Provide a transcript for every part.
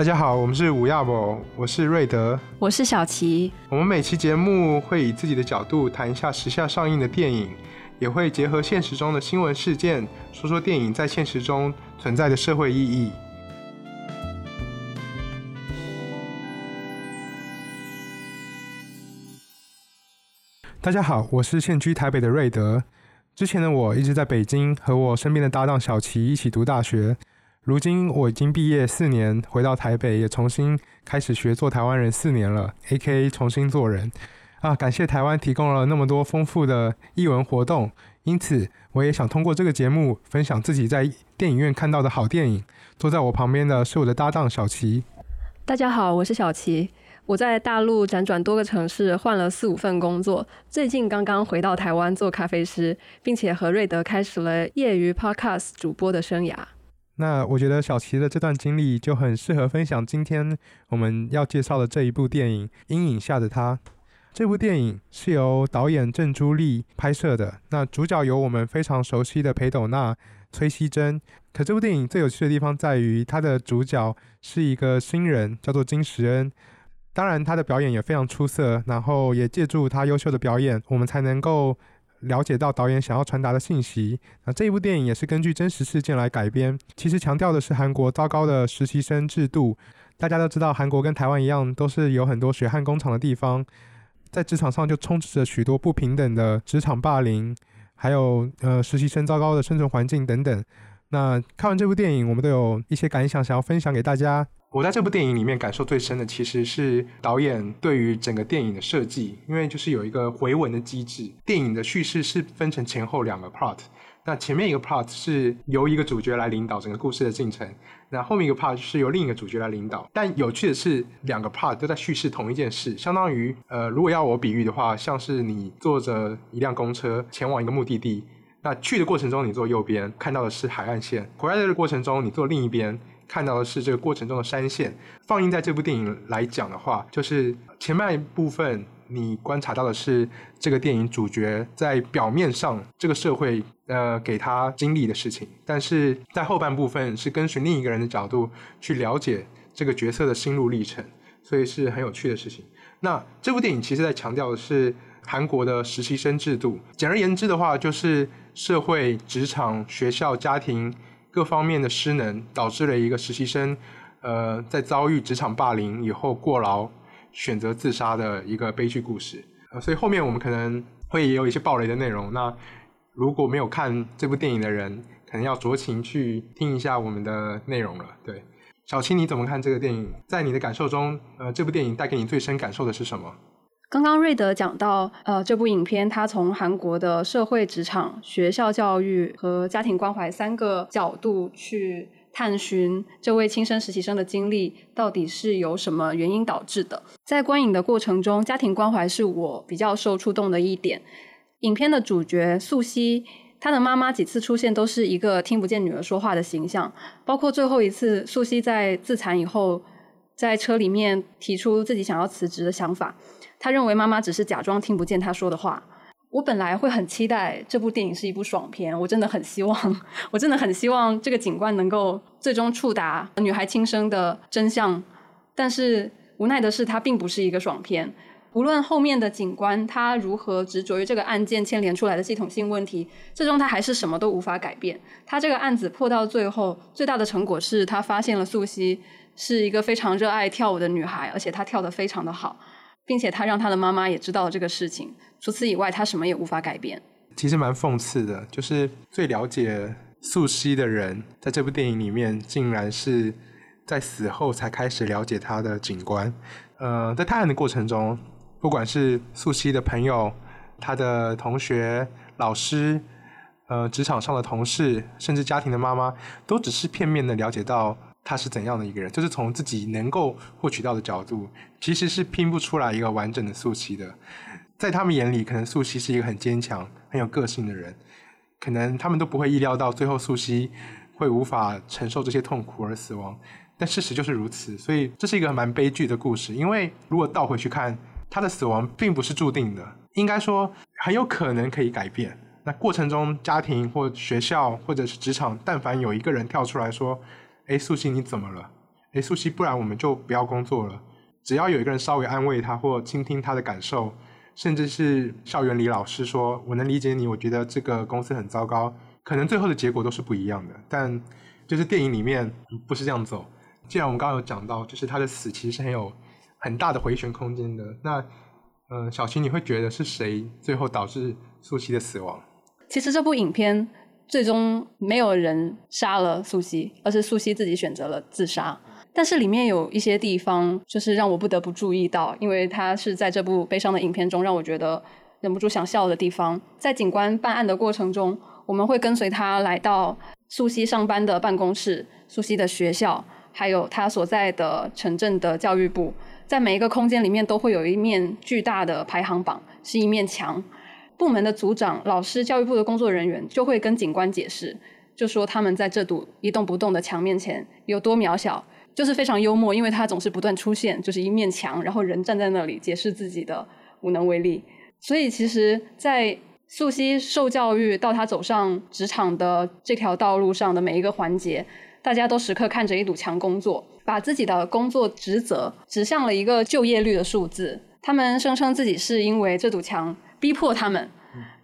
大家好，我們是吳亞寶，我是瑞德，我是小其。我們每期節目會以自己的角度談一下時下上映的電影，也會結合現實中的新聞事件，說說電影在現實中存在的社會意義。大家好，我是現居台北的瑞德。之前的我一直在北京和我身邊的搭檔小其一起讀大學。如今我已經畢業四年，回到台北也重新開始學做台灣人四年了。AKA 重新做人啊！感謝台灣提供了那麼多豐富的藝文活動，因此我也想通過這個節目分享自己在電影院看到的好電影。坐在我旁邊的是我的搭檔小其。大家好，我是小其。我在大陸輾轉多個城市，換了四五份工作，最近剛剛回到台灣做咖啡師，並且和瑞德開始了業餘 Podcast 主播的生涯。那我覺得小其的這段經歷就很適合分享。今天我們要介紹的這一部電影《陰影下的她》，這部電影是由導演鄭朱莉拍攝的。那主角由我們非常熟悉的裴斗娜、崔熙珍。可這部電影最有趣的地方在於，它的主角是一個新人，叫做金石恩。當然，他的表演也非常出色。然後也借助他優秀的表演，我們才能夠。了解到導演想要傳達的信息，那這部電影也是根據真實事件來改編。其實強調的是韓國糟糕的實習生制度。大家都知道，韓國跟台灣一樣，都是有很多血汗工廠的地方，在職場上就充斥着許多不平等的職場霸凌，還有呃實習生糟糕的生存環境等等。那看完這部電影，我們都有一些感想想要分享給大家。我在這部電影裡面感受最深的其實是導演對於整個電影的設計，因為就是有一個回文的機製。電影的敘事是分成前後兩個 part。那前面一個 part 是由一個主角來領導整個故事的進程，那後面一個 part 是由另一個主角來領導。但有趣的是，兩個 part 都在敘事同一件事，相當於呃，如果要我比喻的話，像是你坐着一輛公車前往一個目的地，那去的過程中你坐右邊，看到的是海岸線，回來的過程中你坐另一邊。看到的是這個過程中的三線。放映在這部電影來講的話，就是前半部分你觀察到的是這個電影主角在表面上這個社會呃，給他經歷的事情，但是在後半部分是跟隨另一個人的角度去了解這個角色的心路歷程，所以是很有趣的事情。那這部電影其實在強調的是韓國的實習生制度。簡而言之的話，就是社會、職場、學校、家庭。各方面的失能，導致了一個實習生，呃，在遭遇職場霸凌以後過勞，選擇自殺的一個悲劇故事。呃，所以後面我們可能會也有一些暴雷的內容。那如果沒有看這部電影的人，可能要酌情去聽一下我們的內容了。對，小其你怎麼看這個電影？在你的感受中，呃，這部電影帶給你最深感受的是什麼？剛剛瑞德講到，呃，這部影片他從韓國的社會、職場、學校教育和家庭關懷三個角度去探尋這位輕生實習生的經歷到底是由什麼原因導致的。在觀影的過程中，家庭關懷是我比較受觸動的一點。影片的主角素熙，她的媽媽幾次出現都是一個聽不見女兒說話的形象，包括最後一次素熙在自殘以後。在車裡面提出自己想要辭職的想法，他認為媽媽只是假裝聽不見他說的話。我本來會很期待這部電影是一部爽片，我真的很希望，我真的很希望這個警官能夠最終觸達女孩輕生的真相。但是無奈的是，他並不是一個爽片。無論後面的警官他如何執着於這個案件牽連出來的系統性問題，最終他還是什麼都無法改變。他這個案子破到最後，最大的成果是他發現了素熙。是一個非常熱愛跳舞的女孩，而且她跳得非常的好，並且她讓她的媽媽也知道了這個事情。除此以外，她什麼也無法改變。其實蠻諷刺的，就是最了解素熙的人，在這部電影裡面，竟然是在死後才開始了解她的警官。呃，在探案的過程中，不管是素熙的朋友、她的同學、老師、呃、職場上的同事，甚至家庭的媽媽，都只是片面的了解到。他是怎樣的一個人？就是從自己能夠獲取到的角度，其實是拼不出來一個完整的素熙的。在他們眼裡，可能素熙是一個很堅強、很有個性的人，可能他們都不會意料到最後素熙會無法承受這些痛苦而死亡。但事實就是如此，所以這是一個蠻悲劇的故事。因為如果倒回去看，他的死亡並不是注定的，應該說很有可能可以改變。那過程中，家庭或學校或者是職場，但凡有一個人跳出來說。哎，素熙，你怎麼了？哎，素熙，不然我們就不要工作了。只要有一個人稍微安慰他，或傾聽他的感受，甚至是校園裡老師說“我能理解你”，我覺得這個公司很糟糕，可能最後的結果都是不一樣的。但就是電影裡面不是這樣走。既然我們剛剛有講到，就是他的死其實是很有很大的回旋空間的。那，嗯、呃，小其，你會覺得是誰最後導致素熙的死亡？其實這部影片。最終沒有人殺了素熙，而是素熙自己選擇了自殺。但是裡面有一些地方，就是讓我不得不注意到，因為他是在這部悲傷的影片中，讓我覺得忍不住想笑的地方。在警官辦案的過程中，我們會跟隨他來到素熙上班的辦公室、素熙的學校，還有他所在的城鎮的教育部。在每一個空間裡面，都會有一面巨大的排行榜，是一面牆。部門的組長、老師、教育部的工作人員就會跟警官解釋，就說他們在這堵一動不動的牆面前有多渺小，就是非常幽默，因為他總是不斷出現，就是一面牆，然後人站在那裡解釋自己的無能為力。所以其實，在素熙受教育到他走上職場的這條道路上的每一個環節，大家都時刻看着一堵牆工作，把自己的工作職責指向了一個就業率的數字。他們聲稱自己是因為這堵牆。逼迫他們，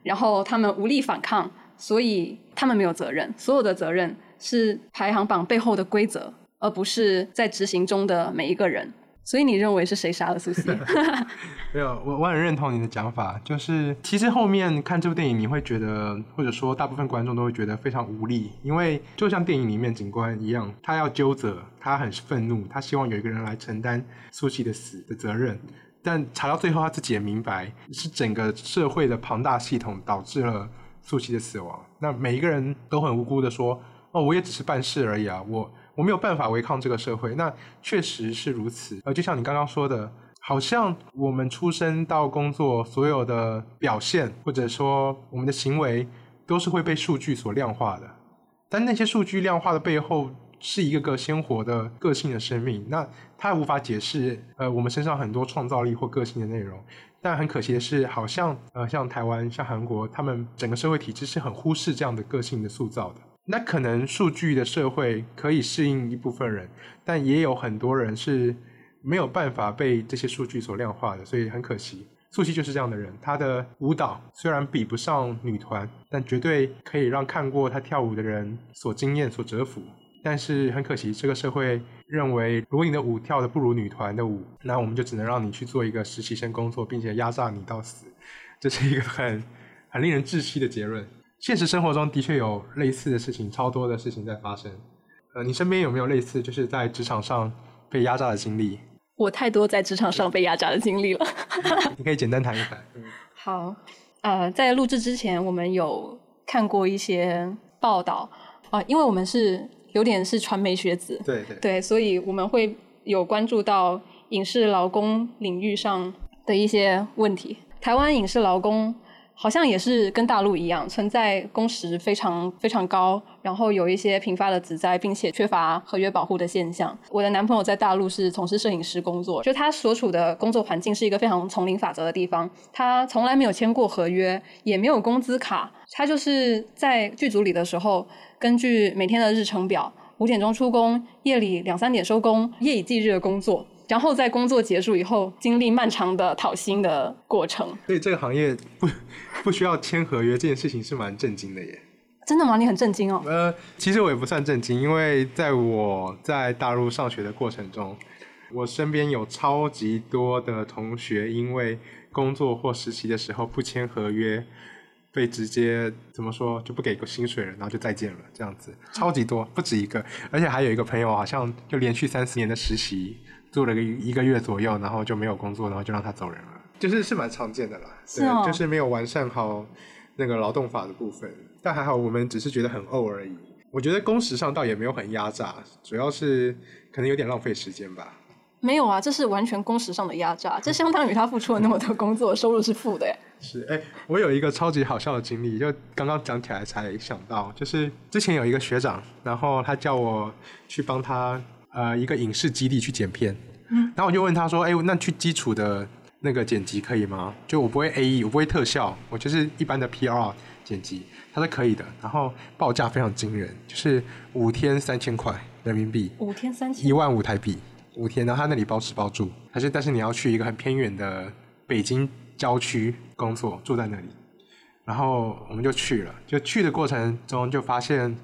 然後他們無力反抗，所以他們沒有責任。所有的責任是排行榜背後的規則，而不是在執行中的每一個人。所以你認為是誰殺了素熙？ 沒有，我我很認同你的講法，就是其實後面看這部電影，你會覺得，或者說大部分觀眾都會覺得非常無力，因為就像電影裡面警官一樣，他要究責，他很憤怒，他希望有一個人來承擔素熙的死的責任。但查到最後，他自己也明白，是整個社會的龐大系統導致了素熙的死亡。那每一個人都很無辜地說：“哦，我也只是辦事而已啊，我我沒有辦法違抗這個社會。”那確實是如此。而就像你剛剛說的，好像我們出生到工作，所有的表現或者說我們的行為，都是會被數據所量化的。但那些數據量化的背後，是一個個鮮活的個性的生命，那他無法解釋呃我們身上很多創造力或個性的內容。但很可惜的是，好像呃像台灣、像韓國，他們整個社會體制是很忽視這樣的個性的塑造的。那可能數據的社會可以適應一部分人，但也有很多人是沒有辦法被這些數據所量化的。所以很可惜，素熙就是這樣的人。她的舞蹈雖然比不上女團，但絕對可以讓看過她跳舞的人所驚艷、所折服。但是很可惜，這個社會認為，如果你的舞跳得不如女團的舞，那我們就只能讓你去做一個實習生工作，並且壓榨你到死，這是一個很很令人窒息的結論。現實生活中的確有類似的事情，超多的事情在發生。呃，你身邊有沒有類似就是在職場上被壓榨的經歷？我太多在職場上被壓榨的經歷了。 你可以簡單談一談，嗯。好，呃，在錄制之前，我們有看過一些報道啊，呃，因為我們是。有點是傳媒學子，對對對，所以我們會有關注到影視勞工領域上的一些問題，台灣影視勞工，好像也是跟大陸一樣，存在工時非常非常高，然後有一些頻發的職災，並且缺乏合約保護的現象。我的男朋友在大陸是從事攝影師工作，就他所處的工作環境是一個非常叢林法則的地方，他從來沒有簽過合約，也沒有工資卡，他就是在劇組裡的時候，根據每天的日程表，五點鐘出工，夜裡兩三點收工，夜以繼日的工作。然後在工作結束以後，經歷漫長的討薪的過程。所以這個行業不不需要簽合約，這件事情是蠻震驚的耶。真的嗎？你很震驚哦。呃，其實我也不算震驚，因為在我在大陸上學的過程中，我身邊有超級多的同學，因為工作或實習的時候不簽合約，被直接怎麼說就不給個薪水了，然後就再見了，這樣子超級多，不止一個。而且還有一個朋友，好像就連續三四年的實習。做了個一個月左右，然後就沒有工作，然後就讓他走人了，就是是蠻常見的啦，哦、對，就是沒有完善好那個勞動法的部分，但還好我們只是覺得很嘔而已。我覺得工時上倒也沒有很壓榨，主要是可能有點浪費時間吧。沒有啊，這是完全工時上的壓榨，這相當於他付出了那麼多工作， 收入是負的。是哎、欸，我有一個超級好笑的經歷，就剛剛講起來才想到，就是之前有一個學長，然後他叫我去幫他。呃，一個影視基地去剪片，嗯，然後我就問他說：“哎，那去基礎的那個剪輯可以嗎？就我不會 AE，我不會特效，我就是一般的 PR 剪輯。”他說可以的，然後報價非常驚人，就是五天三千塊人民幣，五天三千一萬五台幣，五天，然後他那裡包吃包住，還是，但是你要去一個很偏遠的北京郊區工作，住在那裡。然後我們就去了，就去的過程中就發現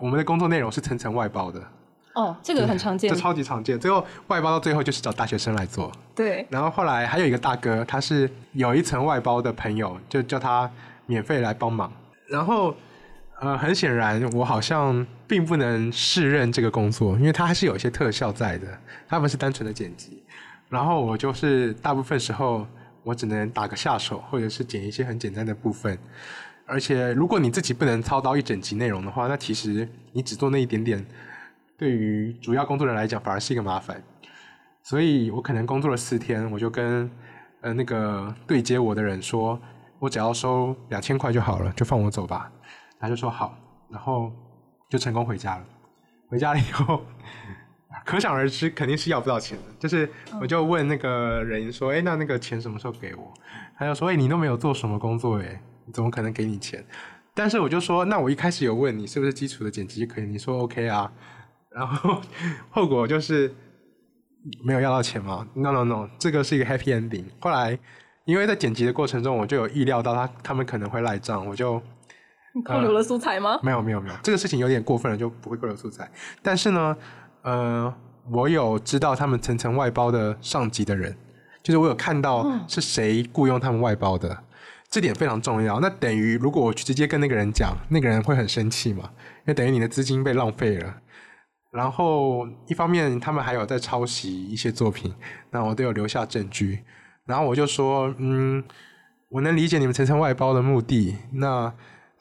我們的工作內容是層層外包的。哦，這個很常見，這超級常見。最後外包到最後就是找大學生來做，對。然後後來還有一個大哥，他是有一層外包的朋友，就叫他免費來幫忙。然後，呃，很顯然我好像並不能勝任這個工作，因為他還是有一些特效在的，他不是單純的剪輯。然後我就是大部分時候我只能打個下手，或者是剪一些很簡單的部分。而且如果你自己不能操刀一整集內容的話，那其實你只做那一點點。對於主要工作人來講，反而是一個麻煩，所以我可能工作了四天，我就跟呃那個對接我的人說，我只要收兩千塊就好了，就放我走吧。他就說好，然後就成功回家了。回家了以後，可想而知，肯定是要不到錢的。就是我就問那個人說，哎，那那個錢什麼時候給我？他就說，哎，你都沒有做什麼工作，哎，怎麼可能給你錢？但是我就說，那我一開始有問你是不是基礎的剪輯可以，你說 OK 啊。然後後果就是沒有要到錢嘛。No No No，這個是一個 Happy Ending。後來因為在剪輯的過程中，我就有意料到他他們可能會賴賬，我就、呃、你扣留了素材嗎？沒有沒有沒有，這個事情有點過分了，就不會扣留素材。但是呢，呃，我有知道他們層層外包的上級的人，就是我有看到是誰僱傭他們外包的、嗯，這點非常重要。那等於如果我去直接跟那個人講，那個人會很生氣嘛？因為等於你的資金被浪費了。然後一方面，他們還有在抄襲一些作品，那我都有留下證據。然後我就說，嗯，我能理解你們層層外包的目的。那，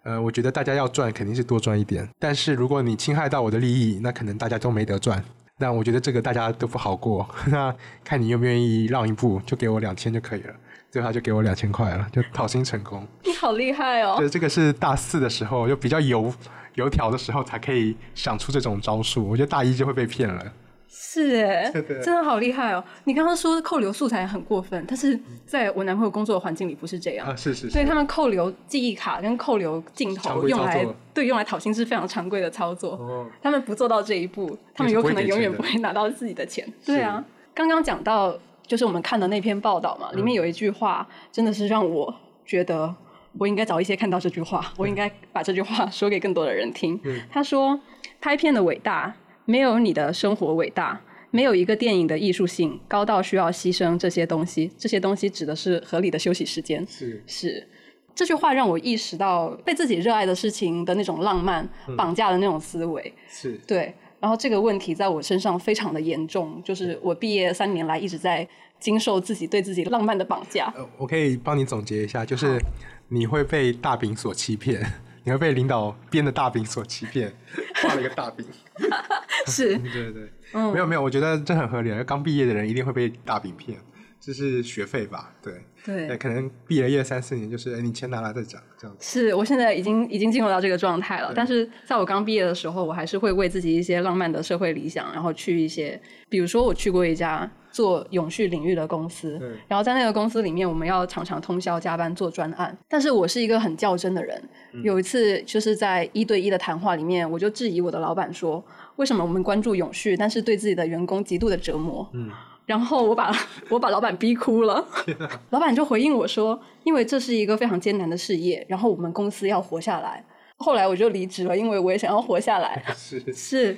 呃，我覺得大家要賺，肯定是多賺一點。但是如果你侵害到我的利益，那可能大家都沒得賺。那我覺得這個大家都不好過。那看你願不願意讓一步，就給我兩千就可以了。最後他就給我兩千塊了，就討薪成功。你好厲害哦！對，這個是大四的時候，就比較油。油條的時候才可以想出這種招數，我覺得大一就會被騙了。是，哎，真的好厲害哦！你剛剛說扣留素材很過分，但是在我男朋友工作的環境裡不是這樣。啊，是是是。所以他們扣留記憶卡跟扣留鏡頭用來對用來討薪是非常常規的操作。哦。他們不做到這一步，他們有可能永遠不會拿到自己的錢。錢的對啊。剛剛講到就是我們看的那篇報道嘛，嗯，裡面有一句話真的是讓我覺得。我應該早一些看到這句話，我應該把這句話說給更多的人聽。嗯。他說：“拍片的偉大，沒有你的生活偉大；沒有一個電影的藝術性高到需要犧牲這些東西。這些東西指的是合理的休息時間。”是，是是，這句話讓我意識到被自己熱愛的事情的那種浪漫綁架的那種思維。嗯。是。對，然後這個問題在我身上非常的嚴重，就是我畢業三年來一直在。經受自己對自己浪漫的綁架、呃。我可以幫你總結一下，就是你會被大餅所欺騙，你會被領導編的大餅所欺騙，畫 了一個大餅， 是， 對對，沒、嗯、有沒有，我覺得這很合理。剛畢業的人一定會被大餅騙，這、就是學費吧，對，對，對可能畢業了三四年，就是哎，你錢拿來再講。這樣子。是我現在已經、嗯、已經進入到這個狀態了，但是在我剛畢業的時候，我還是會為自己一些浪漫的社會理想，然後去一些，比如說我去過一家。做永續領域的公司，然後在那個公司裡面，我們要常常通宵加班做專案。但是我是一個很較真的人，有一次就是在一對一的談話裡面，我就質疑我的老闆說：“為什麼我們關注永續，但是對自己的員工極度的折磨？”嗯，然後我把我把老闆逼哭了， 老闆就回應我說：“因為這是一個非常艱難的事業，然後我們公司要活下來。”後來我就離職了，因為我也想要活下來。是。是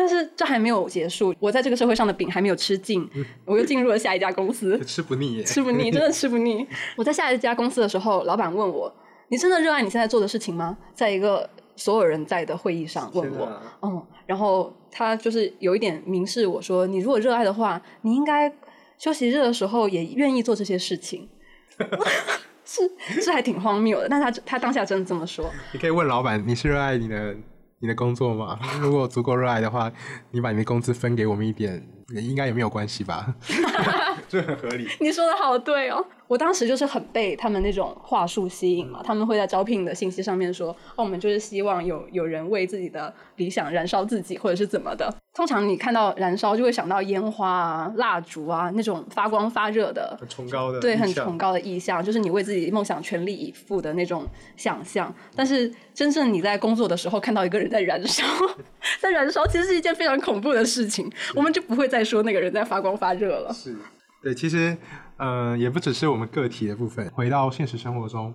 但是這還沒有結束，我在這個社會上的餅還沒有吃盡，我又進入了下一家公司。嗯，吃不膩耶，吃不膩，真的吃不膩。 我在下一家公司的時候，老闆問我：“你真的熱愛你現在做的事情嗎？”在一個所有人在的會議上問我。嗯，然後他就是有一點明示我說：“你如果熱愛的話，你應該休息日的時候也願意做這些事情。” 是是是，還挺荒謬的，但他他當下真的這麼說。你可以問老闆，你是熱愛你的。你的工作嘛，如果足夠熱愛的話，你把你的工資分給我們一點，應該也沒有關係吧。 這很合理，你說的好對哦。我當時就是很被他們那種話術吸引嘛，他們會在招聘的信息上面說，哦、我們就是希望有有人為自己的理想燃燒自己，或者是怎麼的。通常你看到燃燒就會想到煙花啊、蠟燭啊那種發光發熱的，很崇高的，對，很崇高的意象，就是你為自己夢想全力以赴的那種想象。嗯、但是真正你在工作的時候看到一個人在燃燒， 在燃燒其實是一件非常恐怖的事情，我們就不會再說那個人在發光發熱了。是。對，其實，呃，也不只是我們個體的部分。回到現實生活中，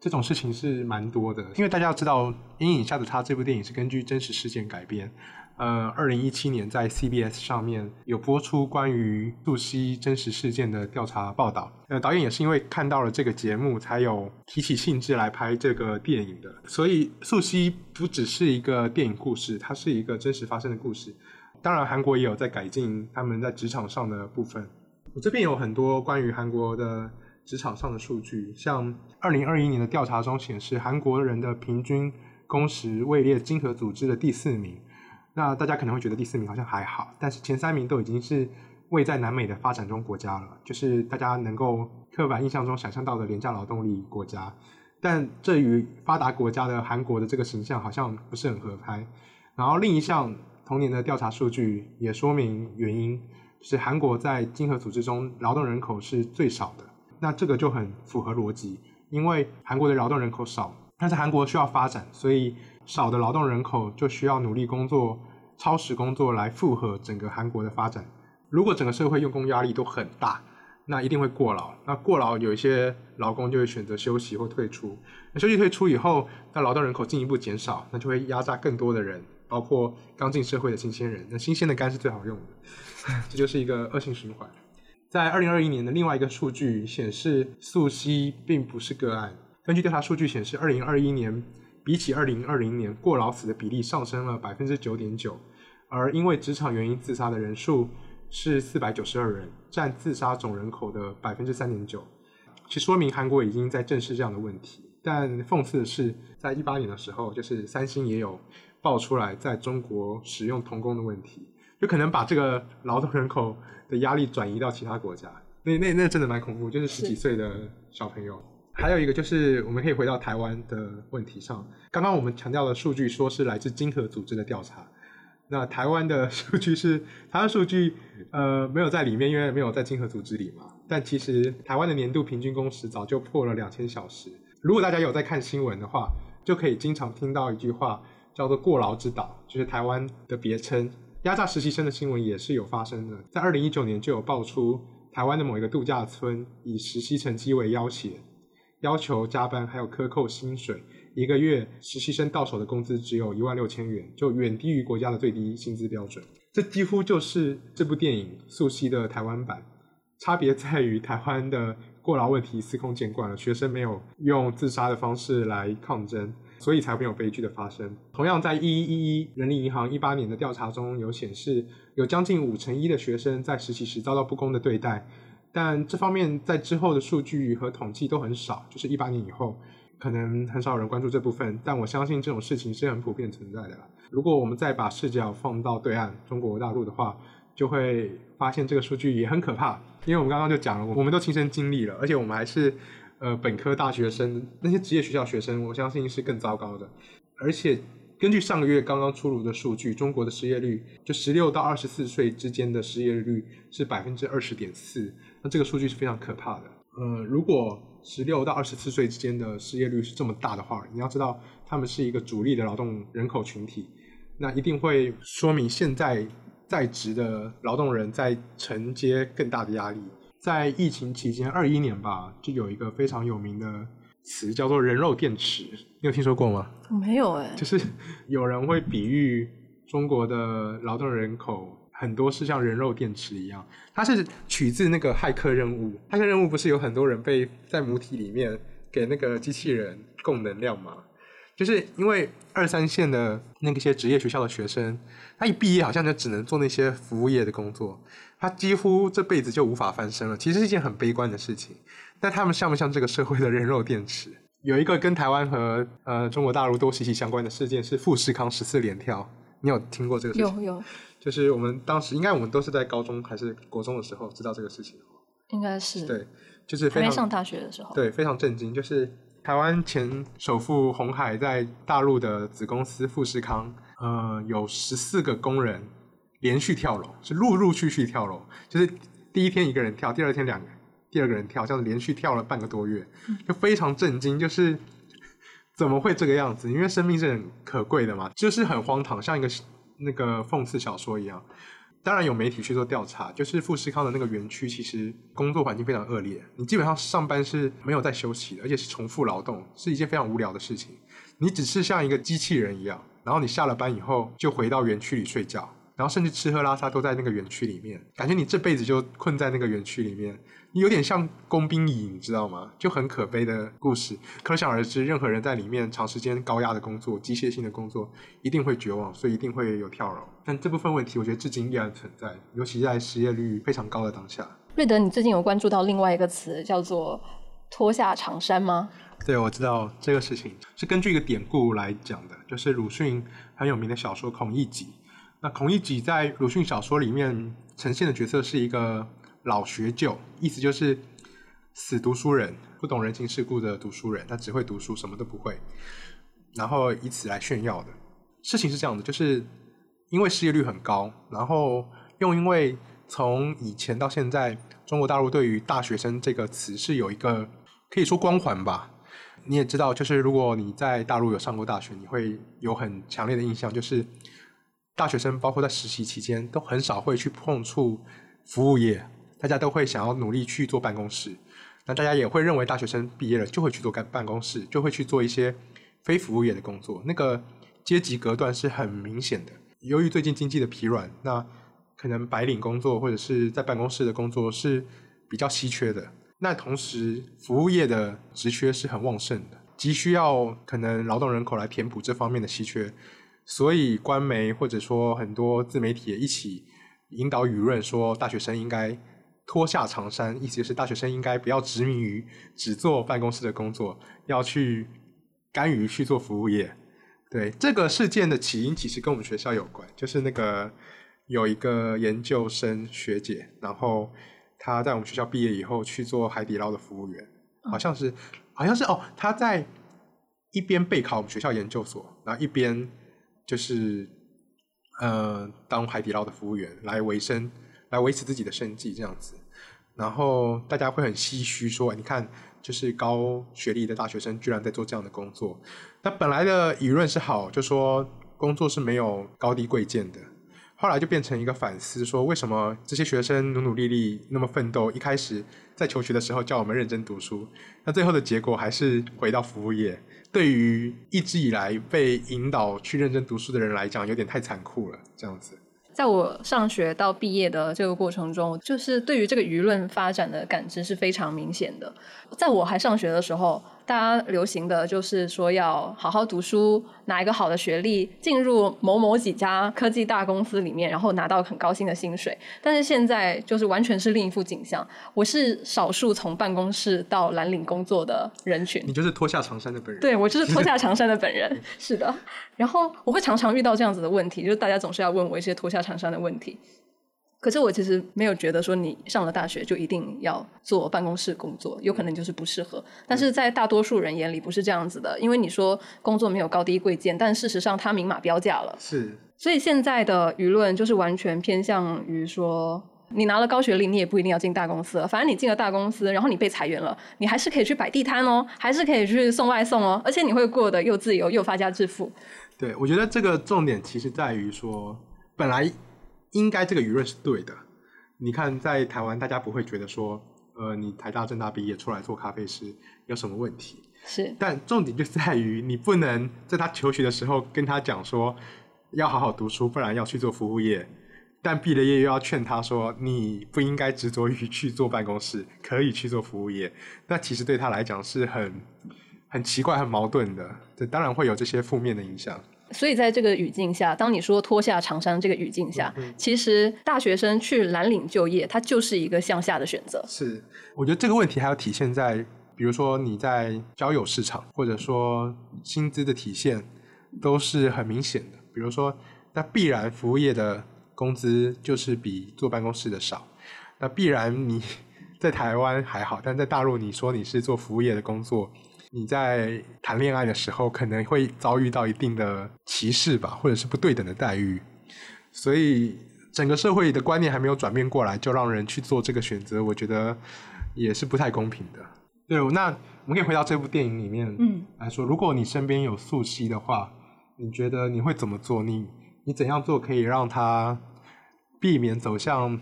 這種事情是蠻多的。因為大家要知道，《陰影下的她》這部電影是根據真實事件改編。呃，二零一七年在 CBS 上面有播出關於素熙真實事件的調查報道。呃，導演也是因為看到了這個節目，才有提起興致來拍這個電影的。所以，素熙不只是一個電影故事，它是一個真實發生的故事。當然，韓國也有在改進他們在職場上的部分。我這邊有很多關於韓國的職場上的數據，像二零二一年的調查中顯示，韓國人的平均工時位列經合組織的第四名。那大家可能會覺得第四名好像還好，但是前三名都已經是位在南美的發展中國家了，就是大家能夠刻板印象中想象到的廉價勞動力國家。但這與發達國家的韓國的這個形象好像不是很合拍。然後另一項同年的調查數據也說明原因。是韓國在經合組織中勞動人口是最少的，那這個就很符合邏輯，因為韓國的勞動人口少，但是韓國需要發展，所以少的勞動人口就需要努力工作、超時工作來負荷整個韓國的發展。如果整個社會用工壓力都很大，那一定會過勞。那過勞有一些勞工就會選擇休息或退出。那休息退出以後，那勞動人口進一步減少，那就會壓榨更多的人。包括剛進社會的新鮮人，那新鮮的肝是最好用的， 這就是一個惡性循環。在二零二一年的另外一個數據顯示，素熙並不是個案。根據調查數據顯示，二零二一年比起二零二零年，過勞死的比例上升了百分之九點九，而因為職場原因自殺的人數是四百九十二人，佔自殺總人口的百分之三點九。其實說明韓國已經在正視這樣的問題，但諷刺的是，在一八年的時候，就是三星也有。爆出來在中國使用童工的問題，就可能把這個勞動人口的壓力轉移到其他國家。那那那真的蠻恐怖，就是十幾歲的小朋友。還有一個就是，我們可以回到台灣的問題上。剛剛我們強調的數據，說是來自經合組織的調查。那台灣的數據是，台灣數據呃沒有在裡面，因為沒有在經合組織裡嘛。但其實台灣的年度平均工時早就破了兩千小時。如果大家有在看新聞的話，就可以經常聽到一句話，叫做“過勞之島”，就是台灣的別稱。壓榨實習生的新聞也是有發生的，在二零一九年就有爆出台灣的某一個度假村以實習成績為要挾，要求加班還有克扣薪水，一個月實習生到手的工資只有一萬六千元，就遠低於國家的最低薪資標準。這幾乎就是這部電影《素熙》的台灣版，差別在於台灣的過勞問題司空見慣了，學生沒有用自殺的方式來抗爭。所以才會有悲劇的發生。同樣，在一一一一人力銀行一八年的調查中有顯示，有將近五成一的學生在實習時遭到不公的對待，但這方面在之後的數據和統計都很少，就是一八年以後，可能很少有人關注這部分。但我相信這種事情是很普遍存在的。如果我們再把視角放到對岸中國大陸的話，就會發現這個數據也很可怕。因為我們剛剛就講了，我們都親身經歷了，而且我們還是。呃，本科大學生，那些職業學校學生，我相信是更糟糕的。而且，根據上個月剛剛出爐的數據，中國的失業率，就十六到二十四歲之間的失業率是百分之二十點四，那這個數據是非常可怕的。呃，如果十六到二十四歲之間的失業率是這麼大的話，你要知道，他們是一個主力的勞動人口群體，那一定會說明現在在職的勞動人在承接更大的壓力。在疫情期間，二一年吧，就有一個非常有名的詞叫做“人肉電池”，你有聽說過嗎？沒有誒。就是有人會比喻中國的勞動人口很多是像人肉電池一樣，它是取自那個駭客任務。駭客任務不是有很多人被在母體裡面給那個機器人供能量嗎？就是因為二三線的那些職業學校的學生，他一畢業好像就只能做那些服務業的工作。他幾乎這輩子就無法翻身了，其實是一件很悲觀的事情。但他們像不像這個社會的人肉電池？有一個跟台灣和呃中國大陸都息息相關的事件是富士康十四連跳，你有聽過這個事情？有有，就是我們當時應該我們都是在高中還是國中的時候知道這個事情的，應該是對，就是非常還沒上大學的時候，對，非常震驚。就是台灣前首富鴻海在大陸的子公司富士康，呃，有十四個工人。連續跳樓，是陸陸續續跳樓，就是第一天一個人跳，第二天兩個第二個人跳，這樣子連續跳了半個多月，就非常震驚，就是怎麼會這個樣子？因為生命是很可貴的嘛，就是很荒唐，像一個那個諷刺小說一樣。當然有媒體去做調查，就是富士康的那個園區其實工作環境非常惡劣，你基本上上班是沒有在休息的，而且是重複勞動，是一件非常無聊的事情。你只是像一個機器人一樣，然後你下了班以後就回到園區裡睡覺。然後甚至吃喝拉撒都在那個園區裡面，感覺你這輩子就困在那個園區裡面，你有點像工兵蟻，你知道嗎？就很可悲的故事，可想而知，任何人在裡面長時間高壓的工作、機械性的工作，一定會絕望，所以一定會有跳樓。但這部分問題，我覺得至今依然存在，尤其在失業率非常高的當下。瑞德，你最近有關注到另外一個詞，叫做“脫下長衫”嗎？對，我知道這個事情是根據一個典故來講的，就是魯迅很有名的小說《孔乙己》。那孔乙己在魯迅小說裡面呈現的角色是一個老學究，意思就是死讀書人，不懂人情世故的讀書人，他只會讀書，什麼都不會，然後以此來炫耀的。事情是這樣的，就是因為失業率很高，然後又因為從以前到現在，中國大陸對於大學生這個詞是有一個可以說光環吧。你也知道，就是如果你在大陸有上過大學，你會有很強烈的印象，就是。大學生包括在實習期間都很少會去碰觸服務業，大家都會想要努力去坐辦公室。那大家也會認為大學生畢業了就會去坐辦公室，就會去做一些非服務業的工作。那個階級隔斷是很明顯的。由於最近經濟的疲軟，那可能白領工作或者是在辦公室的工作是比較稀缺的。那同時服務業的職缺是很旺盛的，急需要可能勞動人口來填補這方面的稀缺。所以，官媒或者說很多自媒體也一起引導輿論，說大學生應該脫下長衫，意思是大學生應該不要執迷於只做辦公室的工作，要去甘於去做服務業。對，這個事件的起因，其實跟我們學校有關，就是那個有一個研究生學姐，然後她在我們學校畢業以後去做海底撈的服務員，好像是，好像是哦，她在一邊備考我們學校研究所，然後一邊。就是，呃，當海底撈的服務員來維生，來維持自己的生計這樣子。然後大家會很唏噓說：“你看，就是高學歷的大學生居然在做這樣的工作。”那本來的輿論是好，就說工作是沒有高低貴賤的。後來就變成一個反思，說為什麼這些學生努努力力那麼奮鬥，一開始在求學的時候叫我們認真讀書，那最後的結果還是回到服務業。對於一直以來被引導去認真讀書的人來講，有點太殘酷了。這樣子，在我上學到畢業的這個過程中，就是對於這個輿論發展的感知是非常明顯的。在我還上學的時候。大家流行的就是說要好好讀書，拿一個好的學歷，進入某某幾家科技大公司裡面，然後拿到很高薪的薪水。但是現在就是完全是另一幅景象。我是少數從辦公室到藍領工作的人群。你就是脫下長衫的本人。對，我就是脫下長衫的本人。 是的，然後我會常常遇到這樣子的問題，就是大家總是要問我一些脫下長衫的問題。可是我其實沒有覺得說你上了大學就一定要做辦公室工作，有可能就是不適合，嗯。但是在大多數人眼裡不是這樣子的，因為你說工作沒有高低貴賤，但事實上它明碼標價了。是，所以現在的輿論就是完全偏向於說，你拿了高學歷，你也不一定要進大公司了，反正你進了大公司，然後你被裁員了，你還是可以去擺地攤哦，還是可以去送外送哦，而且你會過得又自由又發家致富。對，我覺得這個重點其實在於說，本來。應該這個輿論是對的。你看，在台灣，大家不會覺得說，呃，你台大、政大畢業出來做咖啡師有什麼問題？是。但重點就在於，你不能在他求學的時候跟他講說要好好讀書，不然要去做服務業；但畢了業又要勸他說，你不應該執着於去做辦公室，可以去做服務業。那其實對他來講是很很奇怪、很矛盾的。這當然會有這些負面的影響。所以在這個語境下，當你說脫下長衫這個語境下，嗯嗯，其實大學生去藍領就業，它就是一個向下的選擇。是，我覺得這個問題還要體現在，比如說你在交友市場，或者說薪資的體現，都是很明顯的。比如說，那必然服務業的工資就是比坐辦公室的少，那必然你在台灣還好，但在大陸，你說你是做服務業的工作。你在談戀愛的時候可能會遭遇到一定的歧視吧，或者是不對等的待遇，所以整個社會的觀念還沒有轉變過來，就讓人去做這個選擇，我覺得也是不太公平的。對，那我們可以回到這部電影裡面，嗯，來說，如果你身邊有素熙的話，你覺得你會怎麼做？你你怎樣做可以讓他避免走向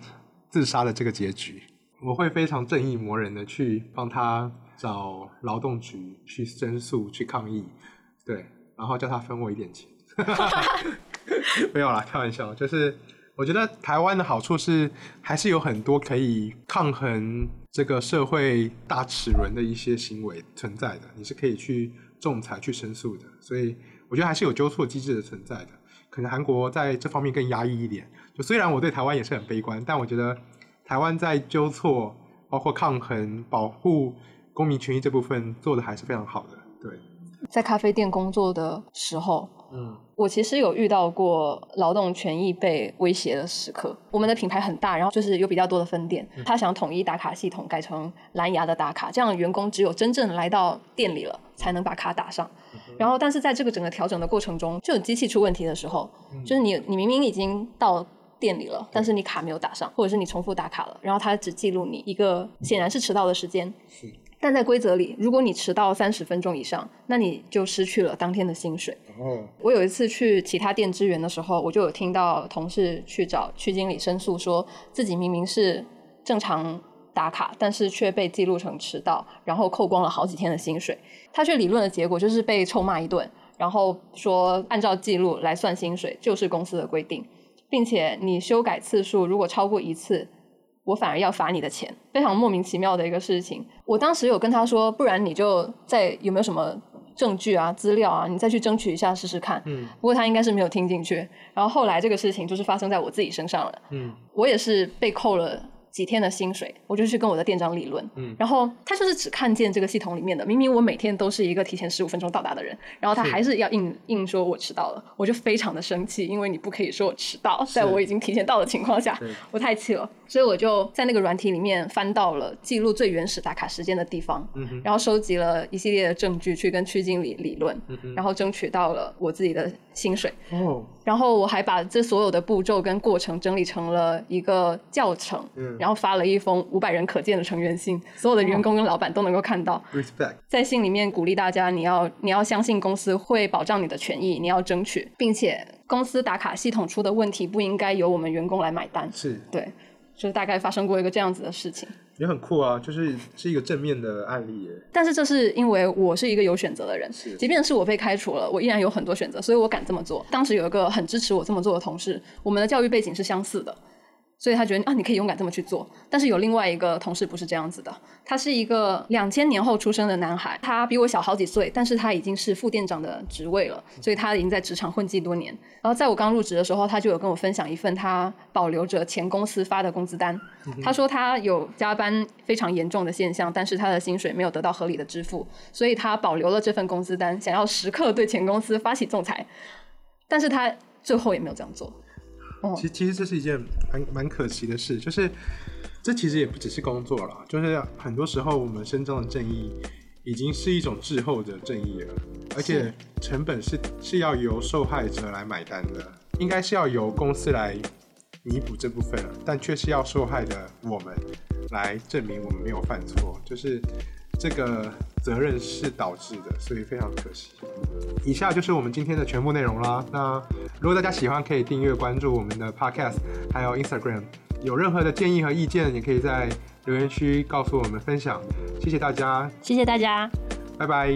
自殺的這個結局？我會非常正義魔人的去幫他。找勞動局去申訴、去抗議，對，然後叫他分我一點錢。 沒有啦，開玩笑，就是我覺得台灣的好處是，還是有很多可以抗衡這個社會大齒輪的一些行為存在的，你是可以去仲裁、去申訴的，所以我覺得還是有糾錯機制的存在的。可能韓國在這方面更壓抑一點，就雖然我對台灣也是很悲觀，但我覺得台灣在糾錯、包括抗衡、保護。公民權益這部分做的還是非常好的。對，在咖啡店工作的時候，嗯，我其實有遇到過勞動權益被威脅的時刻。我們的品牌很大，然後就是有比較多的分店。嗯、他想統一打卡系統，改成藍牙的打卡，這樣員工只有真正來到店裡了，才能把卡打上。嗯、然後，但是在這個整個調整的過程中，就有機器出問題的時候，嗯、就是你你明明已經到店裡了、嗯，但是你卡沒有打上，或者是你重複打卡了，然後他只記錄你一個顯然是遲到的時間。嗯，是。但在規則裡，如果你遲到三十分鐘以上，那你就失去了當天的薪水。嗯。我有一次去其他店支援的時候，我就有聽到同事去找區經理申訴說，說自己明明是正常打卡，但是卻被記錄成遲到，然後扣光了好幾天的薪水。他去理論的結果就是被臭罵一頓，然後說按照記錄來算薪水就是公司的規定，並且你修改次數如果超過一次。我反而要罰你的錢，非常莫名其妙的一個事情。我當時有跟他說，不然你就再有沒有什麼證據啊、資料啊，你再去爭取一下試試看。嗯，不過他應該是沒有聽進去。然後後來這個事情就是發生在我自己身上了。嗯，我也是被扣了。幾天的薪水，我就去跟我的店長理論。嗯，然後他就是只看見這個系統裡面的，明明我每天都是一個提前十五分鐘到達的人，然後他還是要硬是硬說我遲到了，我就非常的生氣，因為你不可以說我遲到，在我已經提前到的情況下，我太氣了，所以我就在那個軟體裡面翻到了記錄最原始打卡時間的地方，嗯，然後收集了一系列的證據去跟區經理理論，嗯，然後爭取到了我自己的。薪水哦，然後我還把這所有的步驟跟過程整理成了一個教程，嗯，然後發了一封五百人可見的成員信，所有的員工跟老闆都能夠看到。respect，在信裡面鼓勵大家，你要你要相信公司會保障你的權益，你要爭取，並且公司打卡系統出的問題不應該由我們員工來買單。是對，就是大概發生過一個這樣子的事情。也很酷啊，就是是一個正面的案例。但是這是因為我是一個有選擇的人，即便是我被開除了，我依然有很多選擇，所以我敢這麼做。當時有一個很支持我這麼做的同事，我們的教育背景是相似的。所以他覺得啊，你可以勇敢這麼去做。但是有另外一個同事不是這樣子的，他是一個兩千年後出生的男孩，他比我小好幾歲，但是他已經是副店長的職位了，所以他已經在職場混跡多年。然後在我剛入職的時候，他就有跟我分享一份他保留着前公司發的工資單。他說他有加班非常嚴重的現象，但是他的薪水沒有得到合理的支付，所以他保留了這份工資單，想要時刻對前公司發起仲裁。但是他最後也沒有這樣做。其實其實這是一件蠻蠻可惜的事，就是這其實也不只是工作了，就是很多時候我們身中的正義，已經是一種滯後的正義了，而且成本是是要由受害者來買單的，應該是要由公司來彌補這部分，但卻是要受害的我們來證明我們沒有犯錯，就是。這個責任是導致的，所以非常可惜。以下就是我們今天的全部內容啦。那如果大家喜歡，可以訂閱關注我們的 Podcast，還有 Instagram。有任何的建議和意見，也可以在留言區告訴我們分享。謝謝大家，謝謝大家，拜拜。